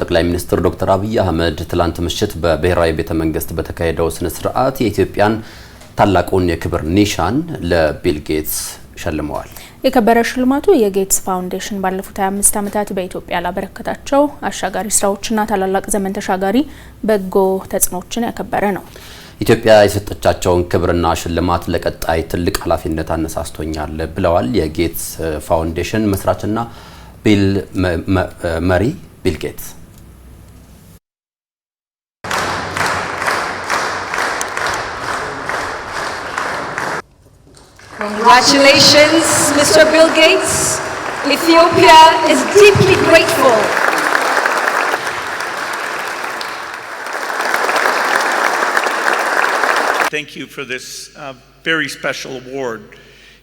ጠቅላይ ሚኒስትር ዶክተር አብይ አህመድ ትላንት ምሽት በብሔራዊ ቤተ መንግስት በተካሄደው ስነ ስርዓት የኢትዮጵያን ታላቁን የክብር ኒሻን ለቢል ጌትስ ሸልመዋል። የከበረ ሽልማቱ የጌትስ ፋውንዴሽን ባለፉት 25 ዓመታት በኢትዮጵያ ላበረከታቸው አሻጋሪ ስራዎችና ታላላቅ ዘመን ተሻጋሪ በጎ ተጽዕኖችን ያከበረ ነው። ኢትዮጵያ የሰጠቻቸውን ክብርና ሽልማት ለቀጣይ ትልቅ ኃላፊነት አነሳስቶኛል ብለዋል የጌትስ ፋውንዴሽን መስራችና ቢል መሪ ቢል ጌትስ Congratulations, Mr. Bill Gates. Ethiopia is deeply grateful. Thank you for this uh, very special award.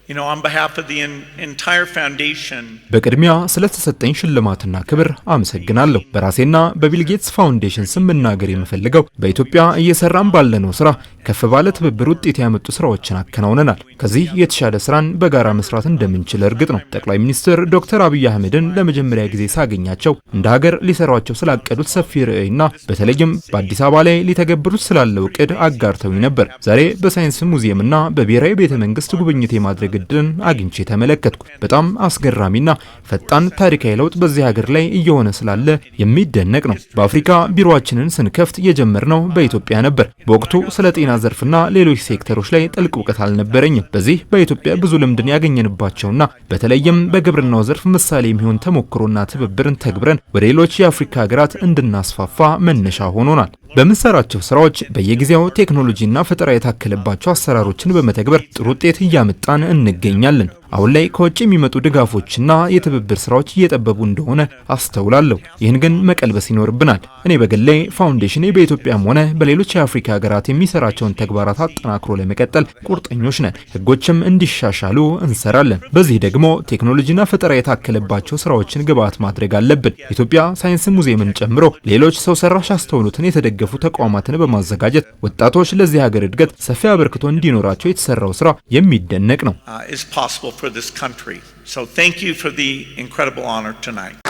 You know, on behalf of the in, entire foundation በቅድሚያ ስለተሰጠኝ ሽልማትና ክብር አመሰግናለሁ። በራሴና በቢል ጌትስ ፋውንዴሽን ስም መናገር የምፈልገው በኢትዮጵያ እየሰራን ባለነው ስራ ከፍ ባለ ትብብር ውጤት ያመጡ ስራዎችን አከናውነናል። ከዚህ የተሻለ ስራን በጋራ መስራት እንደምንችል እርግጥ ነው። ጠቅላይ ሚኒስትር ዶክተር አብይ አህመድን ለመጀመሪያ ጊዜ ሳገኛቸው እንደ ሀገር ሊሰሯቸው ስላቀዱት ሰፊ ርዕይና በተለይም በአዲስ አበባ ላይ ሊተገብሩት ስላለው እቅድ አጋርተውኝ ነበር። ዛሬ በሳይንስ ሙዚየምና በብሔራዊ ቤተ መንግስት ጉብኝት የማድረግ እድልን አግኝቼ ተመለከትኩ። በጣም አስገራሚና ፈጣን ታሪካዊ ለውጥ በዚህ ሀገር ላይ እየሆነ ስላለ የሚደነቅ ነው። በአፍሪካ ቢሮአችንን ስንከፍት የጀመርነው በኢትዮጵያ ነበር። በወቅቱ ስለ ጤና ዘርፍና ሌሎች ሴክተሮች ላይ ጥልቅ እውቀት አልነበረኝም። በዚህ በኢትዮጵያ ብዙ ልምድን ያገኘንባቸውና በተለይም በግብርናው ዘርፍ ምሳሌ የሚሆን ተሞክሮና ትብብርን ተግብረን ወደ ሌሎች የአፍሪካ ሀገራት እንድናስፋፋ መነሻ ሆኖናል። በምንሰራቸው ስራዎች በየጊዜው ቴክኖሎጂና ፈጠራ የታከለባቸው አሰራሮችን በመተግበር ጥሩ ውጤት እያመጣን እንገኛለን። አሁን ላይ ከውጭ የሚመጡ ድጋፎችና የትብብር ስራዎች እየጠበቡ እንደሆነ አስተውላለሁ። ይህን ግን መቀልበስ ይኖርብናል። እኔ በግሌ ፋውንዴሽን በኢትዮጵያም ሆነ በሌሎች የአፍሪካ ሀገራት የሚሰራቸውን ተግባራት አጠናክሮ ለመቀጠል ቁርጠኞች ነን። ህጎችም እንዲሻሻሉ እንሰራለን። በዚህ ደግሞ ቴክኖሎጂና ፈጠራ የታከለባቸው ስራዎችን ግብዓት ማድረግ አለብን። ኢትዮጵያ ሳይንስ ሙዚየምን ጨምሮ ሌሎች ሰው ሰራሽ አስተውሎትን የተደገፉ ተቋማትን በማዘጋጀት ወጣቶች ለዚህ ሀገር እድገት ሰፊ አበርክቶ እንዲኖራቸው የተሰራው ስራ የሚደነቅ ነው። uh, for this country. So thank you for the incredible honor tonight.